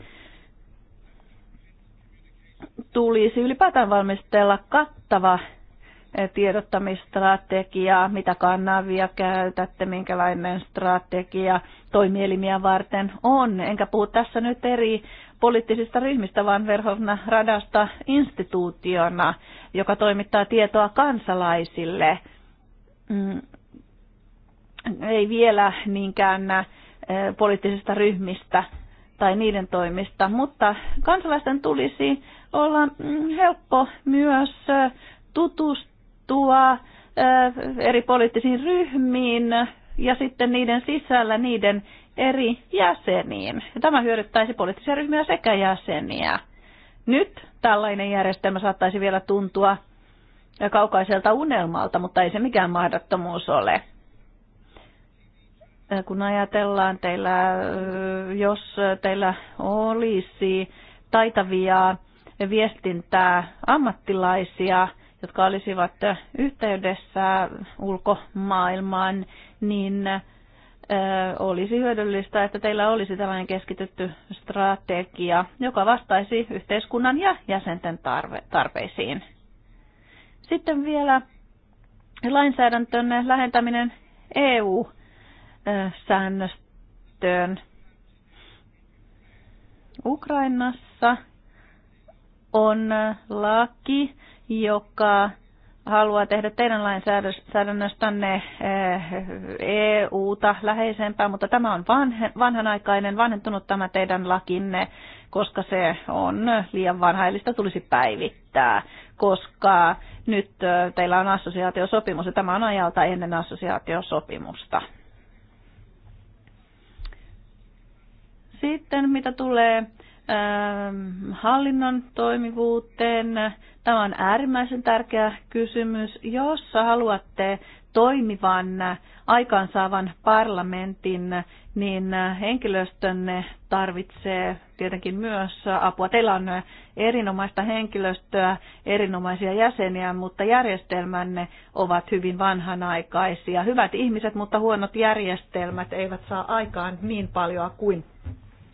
tulisi ylipäätään valmistella kattava tiedottamistrategiaa, mitä kannavia käytätte, minkälainen strategia toimielimiä varten on. Enkä puhu tässä nyt eri poliittisista ryhmistä, vaan Verhovna Radasta instituutiona, joka toimittaa tietoa kansalaisille. Mm, ei vielä niinkään äh, poliittisista ryhmistä tai niiden toimista, mutta kansalaisten tulisi olla mm, helppo myös äh, tutustua jakautua eri poliittisiin ryhmiin ja sitten niiden sisällä niiden eri jäseniin. Tämä hyödyttäisi poliittisia ryhmiä sekä jäseniä. Nyt tällainen järjestelmä saattaisi vielä tuntua kaukaiselta unelmalta, mutta ei se mikään mahdottomuus ole. Kun ajatellaan teillä, jos teillä olisi taitavia viestintää ammattilaisia, jotka olisivat yhteydessä ulkomaailmaan, niin olisi hyödyllistä, että teillä olisi tällainen keskitytty strategia, joka vastaisi yhteiskunnan ja jäsenten tarve, tarpeisiin. Sitten vielä lainsäädäntön lähentäminen EU-säännöstöön. Ukrainassa on laki, joka haluaa tehdä teidän lainsäädännöstänne EU-ta eh, e läheisempää, mutta tämä on vanhanaikainen, vanhentunut tämä teidän lakinne, koska se on liian vanha, eli sitä tulisi päivittää, koska nyt eh, teillä on assosiaatiosopimus ja tämä on ajalta ennen assosiaatiosopimusta. Sitten mitä tulee eh, hallinnon toimivuuteen, Tämä on äärimmäisen tärkeä kysymys. Jos haluatte toimivan, aikaansaavan parlamentin, niin henkilöstönne tarvitsee tietenkin myös apua. Teillä on erinomaista henkilöstöä, erinomaisia jäseniä, mutta järjestelmänne ovat hyvin vanhanaikaisia. Hyvät ihmiset, mutta huonot järjestelmät eivät saa aikaan niin paljon kuin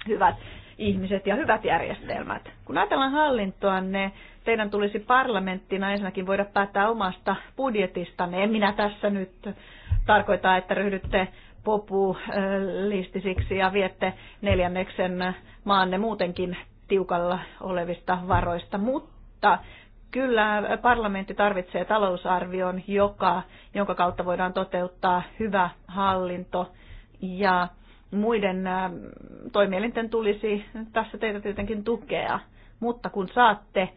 hyvät ihmiset ja hyvät järjestelmät. Kun ajatellaan hallintoa, ne teidän tulisi parlamenttina ensinnäkin voida päättää omasta budjetistanne. En minä tässä nyt tarkoita, että ryhdytte populistisiksi ja viette neljänneksen maanne muutenkin tiukalla olevista varoista, mutta kyllä parlamentti tarvitsee talousarvion, joka, jonka kautta voidaan toteuttaa hyvä hallinto ja muiden toimielinten tulisi tässä teitä tietenkin tukea, mutta kun saatte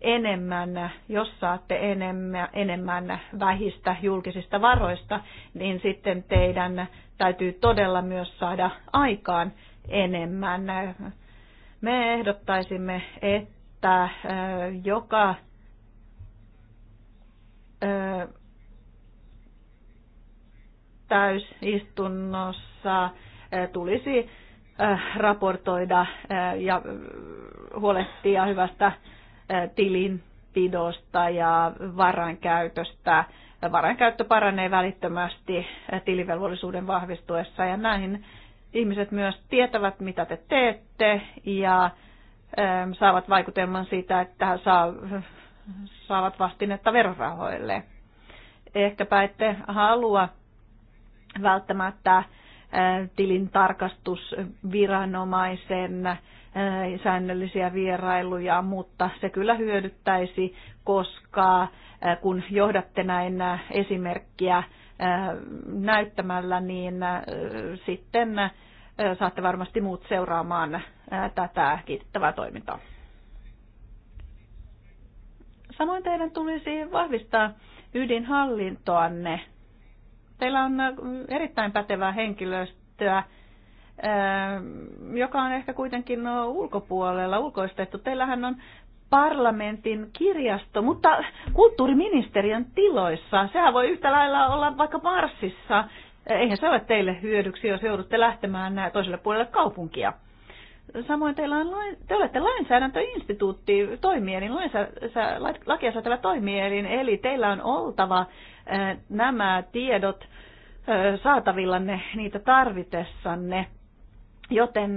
enemmän, jos saatte enemmän, enemmän vähistä julkisista varoista, niin sitten teidän täytyy todella myös saada aikaan enemmän. Me ehdottaisimme, että joka täysistunnossa Äh, tulisi äh, raportoida äh, ja huolehtia hyvästä tilinpidosta ja varankäytöstä. Varankäyttö paranee välittömästi tilivelvollisuuden vahvistuessa ja näihin ihmiset myös tietävät, mitä te teette ja ähm, saavat vaikutelman siitä, että saa, saavat vastinetta verorahoille. Ehkäpä ette halua välttämättä tilintarkastusviranomaisen säännöllisiä vierailuja, mutta se kyllä hyödyttäisi, koska kun johdatte näin esimerkkiä näyttämällä, niin sitten saatte varmasti muut seuraamaan tätä kiitettävää toimintaa. Samoin teidän tulisi vahvistaa ydinhallintoanne Teillä on äh, erittäin pätevää henkilöstöä, äh, joka on ehkä kuitenkin no, ulkopuolella ulkoistettu. Teillähän on parlamentin kirjasto, mutta kulttuuriministeriön tiloissa. Sehän voi yhtä lailla olla vaikka Marsissa. Eihän se ole teille hyödyksi, jos joudutte lähtemään toiselle puolelle kaupunkia. Samoin teillä on, te olette lainsäädäntöinstituutti, toimielin, lainsä, lakia säätävä toimielin, eli teillä on oltava nämä tiedot saatavillanne niitä tarvitessanne. Joten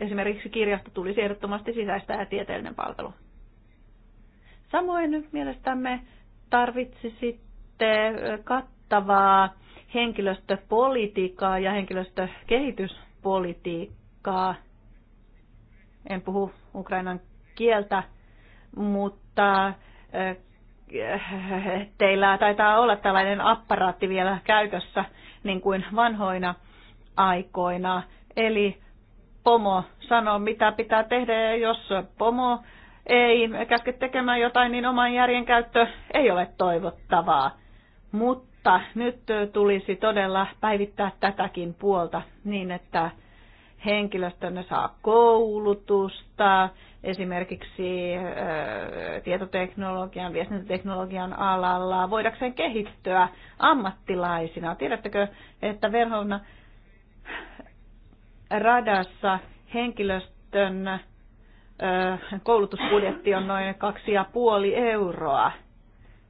esimerkiksi kirjasto tulisi ehdottomasti sisäistää ja tieteellinen palvelu. Samoin mielestämme tarvitsisitte kattavaa henkilöstöpolitiikkaa ja henkilöstökehityspolitiikkaa. En puhu Ukrainan kieltä, mutta teillä taitaa olla tällainen apparaatti vielä käytössä niin kuin vanhoina aikoina. Eli pomo sanoo, mitä pitää tehdä, jos pomo ei käske tekemään jotain, niin oman järjen käyttö ei ole toivottavaa. Mutta nyt tulisi todella päivittää tätäkin puolta niin, että henkilöstönne saa koulutusta, esimerkiksi äh, tietoteknologian, viestintäteknologian alalla, voidakseen kehittyä ammattilaisina. Tiedättekö, että Verhovna radassa henkilöstön äh, koulutusbudjetti on noin 2,5 euroa.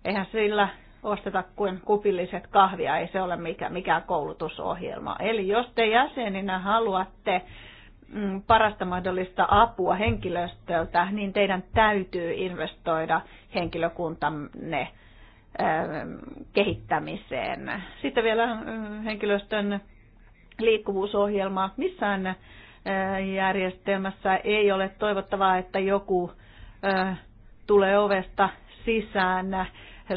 Eihän sillä osteta kuin kupilliset kahvia, ei se ole mikä, mikään koulutusohjelma. Eli jos te jäseninä haluatte mm, parasta mahdollista apua henkilöstöltä, niin teidän täytyy investoida henkilökuntanne ähm, kehittämiseen. Sitten vielä äh, henkilöstön liikkuvuusohjelma. Missään äh, järjestelmässä ei ole toivottavaa, että joku äh, tulee ovesta sisään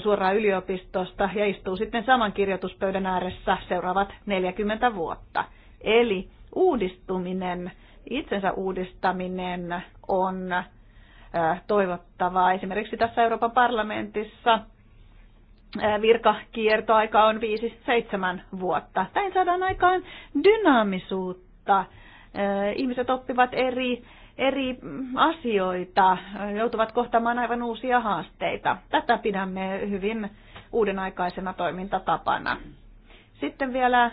suoraan yliopistosta ja istuu sitten saman kirjoituspöydän ääressä seuraavat 40 vuotta. Eli uudistuminen, itsensä uudistaminen on toivottavaa. Esimerkiksi tässä Euroopan parlamentissa virkakiertoaika on 5-7 vuotta. tämä saadaan aikaan dynaamisuutta. Ihmiset oppivat eri eri asioita, joutuvat kohtaamaan aivan uusia haasteita. Tätä pidämme hyvin uudenaikaisena toimintatapana. Sitten vielä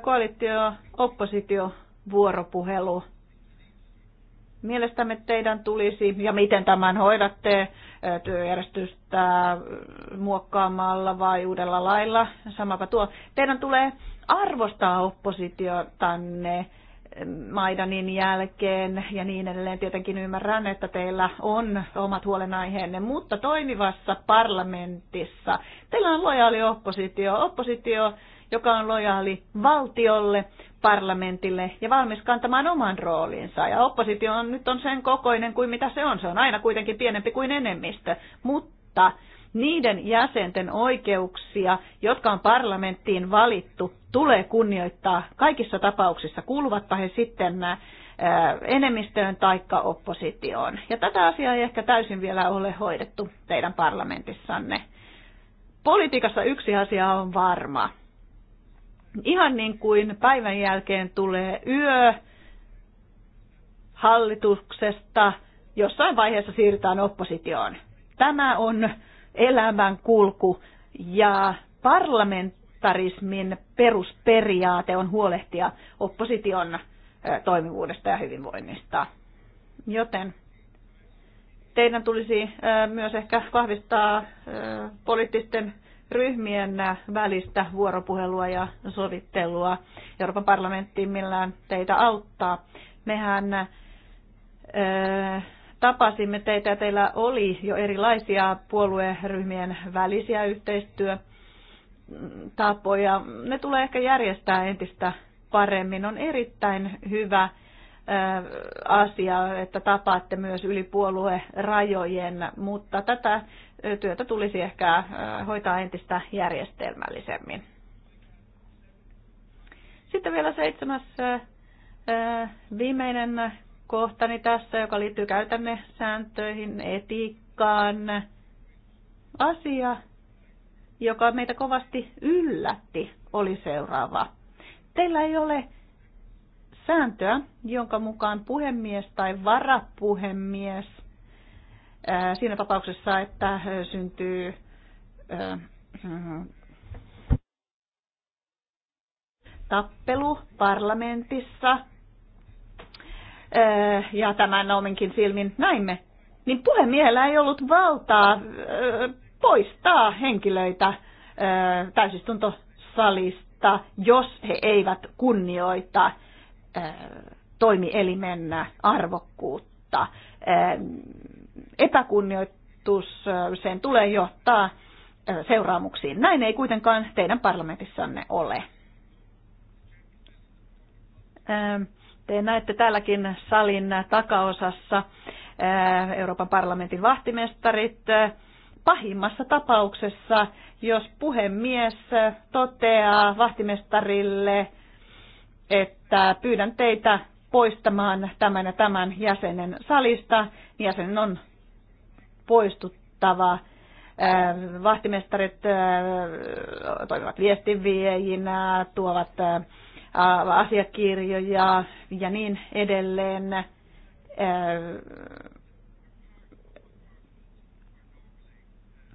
koalitio-oppositio-vuoropuhelu. Mielestämme teidän tulisi, ja miten tämän hoidatte, työjärjestystä muokkaamalla vai uudella lailla, samapa tuo, teidän tulee arvostaa oppositiotanne Maidanin jälkeen ja niin edelleen. Tietenkin ymmärrän, että teillä on omat huolenaiheenne, mutta toimivassa parlamentissa teillä on lojaali oppositio. Oppositio, joka on lojaali valtiolle, parlamentille ja valmis kantamaan oman roolinsa. Ja oppositio on nyt on sen kokoinen kuin mitä se on. Se on aina kuitenkin pienempi kuin enemmistö, mutta niiden jäsenten oikeuksia, jotka on parlamenttiin valittu, tulee kunnioittaa kaikissa tapauksissa, kuuluvatpa he sitten äh, enemmistöön taikka oppositioon. Ja tätä asiaa ei ehkä täysin vielä ole hoidettu teidän parlamentissanne. Politiikassa yksi asia on varma. Ihan niin kuin päivän jälkeen tulee yö hallituksesta, jossain vaiheessa siirrytään oppositioon. Tämä on elämän kulku ja parlamentarismin perusperiaate on huolehtia opposition toimivuudesta ja hyvinvoinnista. Joten teidän tulisi myös ehkä vahvistaa poliittisten ryhmien välistä vuoropuhelua ja sovittelua. Euroopan parlamenttiin millään teitä auttaa. Mehän tapasimme teitä ja teillä oli jo erilaisia puolueryhmien välisiä yhteistyötapoja. Ne tulee ehkä järjestää entistä paremmin. On erittäin hyvä asia, että tapaatte myös yli puoluerajojen, mutta tätä työtä tulisi ehkä hoitaa entistä järjestelmällisemmin. Sitten vielä seitsemäs viimeinen kohtani tässä, joka liittyy käytämme sääntöihin, etiikkaan, asia, joka meitä kovasti yllätti, oli seuraava. Teillä ei ole sääntöä, jonka mukaan puhemies tai varapuhemies siinä tapauksessa, että syntyy tappelu parlamentissa Äh, ja tämän ominkin silmin näimme, niin puhemiehellä ei ollut valtaa äh, poistaa henkilöitä äh, täysistuntosalista, jos he eivät kunnioita toimielimen arvokkuutta. Epäkunnioitus, sen tulee johtaa seuraamuksiin. Näin ei kuitenkaan teidän parlamentissanne ole. Te näette täälläkin salin takaosassa Euroopan parlamentin vahtimestarit. Pahimmassa tapauksessa, jos puhemies toteaa vahtimestarille, että pyydän teitä poistamaan tämän ja tämän jäsenen salista, niin jäsenen on poistuttava. Vahtimestarit toimivat viestinviejinä, tuovat asiakirjoja ja niin edelleen.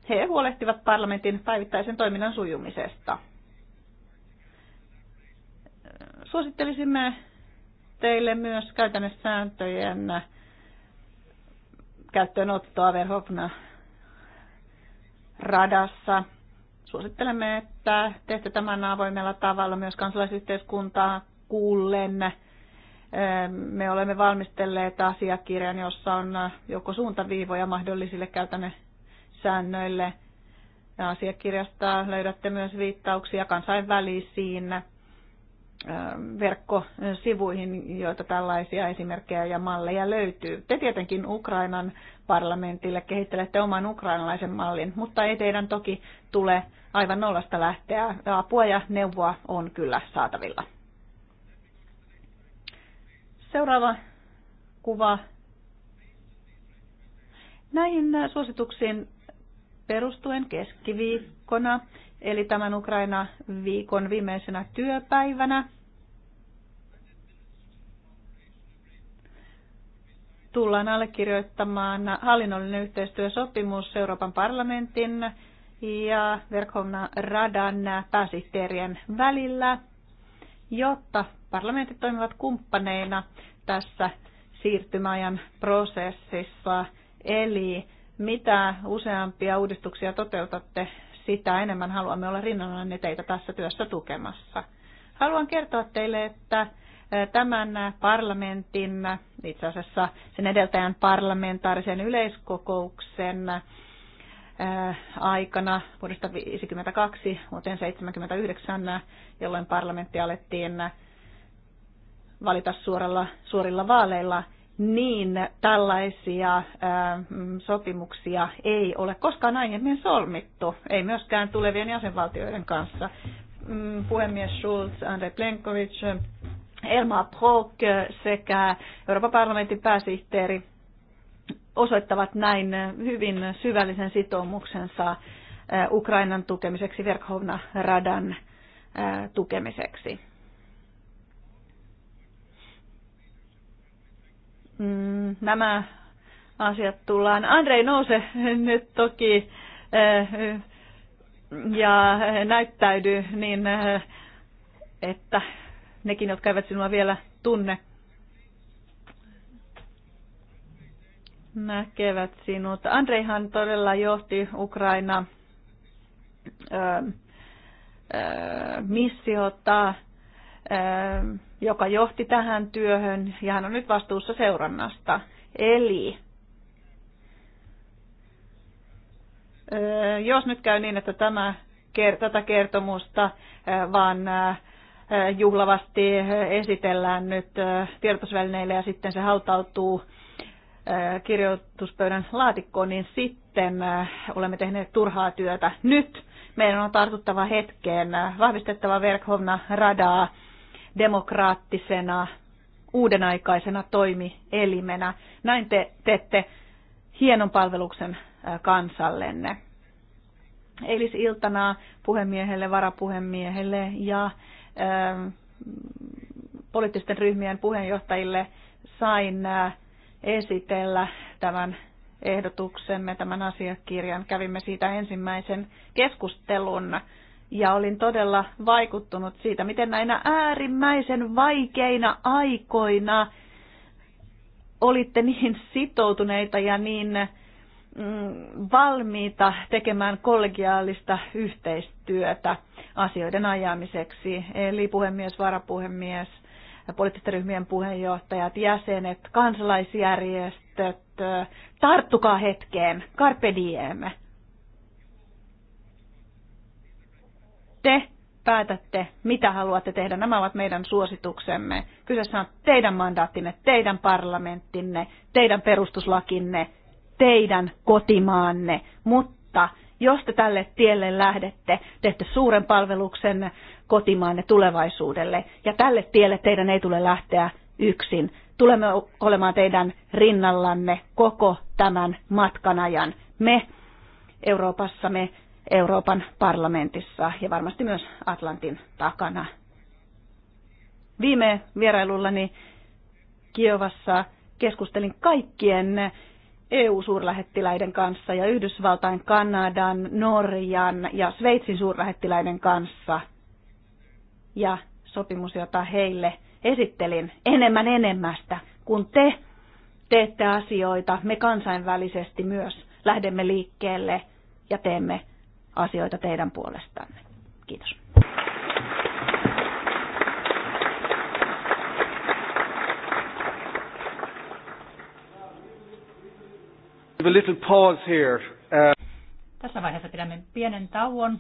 He huolehtivat parlamentin päivittäisen toiminnan sujumisesta. Suosittelisimme teille myös sääntöjen käyttöönottoa Verhofna radassa suosittelemme, että teette tämän avoimella tavalla myös kansalaisyhteiskuntaa kuullen. Ehm, me olemme valmistelleet asiakirjan, jossa on joko suuntaviivoja mahdollisille käytännön säännöille. Asiakirjasta löydätte myös viittauksia kansainvälisiin verkkosivuihin, joita tällaisia esimerkkejä ja malleja löytyy. Te tietenkin Ukrainan parlamentille kehittelette oman ukrainalaisen mallin, mutta ei teidän toki tule aivan nollasta lähteä. Apua ja neuvoa on kyllä saatavilla. Seuraava kuva. Näihin suosituksiin perustuen keskiviikkona eli tämän Ukraina-viikon viimeisenä työpäivänä. tullaan allekirjoittamaan hallinnollinen yhteistyösopimus Euroopan parlamentin ja Verkhovna Radan pääsihteerien välillä, jotta parlamentit toimivat kumppaneina tässä siirtymäajan prosessissa. Eli mitä useampia uudistuksia toteutatte sitä enemmän haluamme olla rinnallanne teitä tässä työssä tukemassa. Haluan kertoa teille, että tämän parlamentin, itse asiassa sen edeltäjän parlamentaarisen yleiskokouksen aikana vuodesta 1952 vuoteen 1979, jolloin parlamentti alettiin valita suorilla vaaleilla, niin tällaisia äh, mm, sopimuksia ei ole koskaan aiemmin solmittu, ei myöskään tulevien jäsenvaltioiden kanssa. Mm, puhemies Schulz, Andrei Plenkovic, Elmar Brok sekä Euroopan parlamentin pääsihteeri osoittavat näin hyvin syvällisen sitoumuksensa äh, Ukrainan tukemiseksi, Verkhovna-radan äh, tukemiseksi. mm, nämä asiat tullaan. Andrei, nouse nyt toki eh, ja näyttäydy niin, eh, että nekin, jotka eivät sinua vielä tunne, näkevät sinut. Andreihan todella johti Ukraina eh, missiota Ähm, joka johti tähän työhön ja hän on nyt vastuussa seurannasta. Eli äh, jos nyt käy niin, että tämä, tätä kertomusta äh, vaan äh, juhlavasti esitellään nyt tiedotusvälineille ja sitten se hautautuu kirjoituspöydän laatikkoon, niin sitten olemme tehneet turhaa työtä. Nyt meidän on tartuttava hetkeen, vahvistettava Verkhovna radaa demokraattisena, uudenaikaisena toimielimenä. Näin te teette hienon palveluksen äh, kansallenne. Eilisiltana puhemiehelle, varapuhemiehelle ja ö, ähm, poliittisten ryhmien puheenjohtajille sain äh, esitellä tämän ehdotuksemme, tämän asiakirjan. Kävimme siitä ensimmäisen keskustelun ja olin todella vaikuttunut siitä, miten näinä äärimmäisen vaikeina aikoina olitte niin sitoutuneita ja niin mm, valmiita tekemään kollegiaalista yhteistyötä asioiden ajamiseksi. Eli puhemies, varapuhemies, poliittisten ryhmien puheenjohtajat, jäsenet, kansalaisjärjestöt, tarttukaa hetkeen, carpe diem. te päätätte, mitä haluatte tehdä. Nämä ovat meidän suosituksemme. Kyseessä on teidän mandaattinne, teidän parlamenttinne, teidän perustuslakinne, teidän kotimaanne. Mutta jos te tälle tielle lähdette, teette suuren palveluksen kotimaanne tulevaisuudelle. Ja tälle tielle teidän ei tule lähteä yksin. Tulemme olemaan teidän rinnallanne koko tämän matkan ajan. Me Euroopassa, me Euroopan parlamentissa ja varmasti myös Atlantin takana. Viime vierailullani Kiovassa keskustelin kaikkien EU-suurlähettiläiden kanssa ja Yhdysvaltain, Kanadan, Norjan ja Sveitsin suurlähettiläiden kanssa. Ja sopimus, jota heille esittelin enemmän enemmästä, kun te teette asioita, me kansainvälisesti myös lähdemme liikkeelle ja teemme asioita teidän puolestanne. Kiitos. a little pause here. Uh... Tässä vaiheessa pidämme pienen tauon.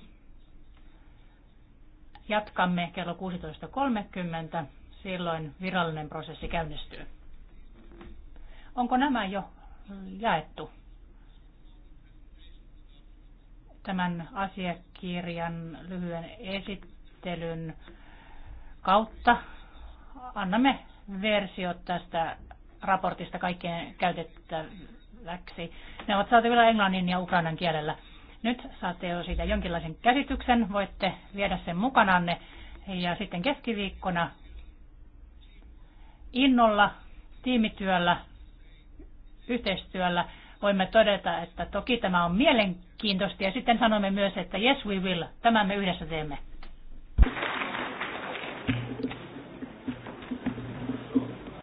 Jatkamme kello 16.30. Silloin virallinen prosessi käynnistyy. Onko nämä jo jaettu? tämän asiakirjan lyhyen esittelyn kautta annamme versiot tästä raportista kaikkien käytettäväksi. Ne ovat saatavilla englannin ja ukrainan kielellä. Nyt saatte jo siitä jonkinlaisen käsityksen, voitte viedä sen mukananne ja sitten keskiviikkona innolla, tiimityöllä, yhteistyöllä voimme todeta, että toki tämä on mielenkiintoista ja sitten sanomme myös, että yes we will, tämän me yhdessä teemme.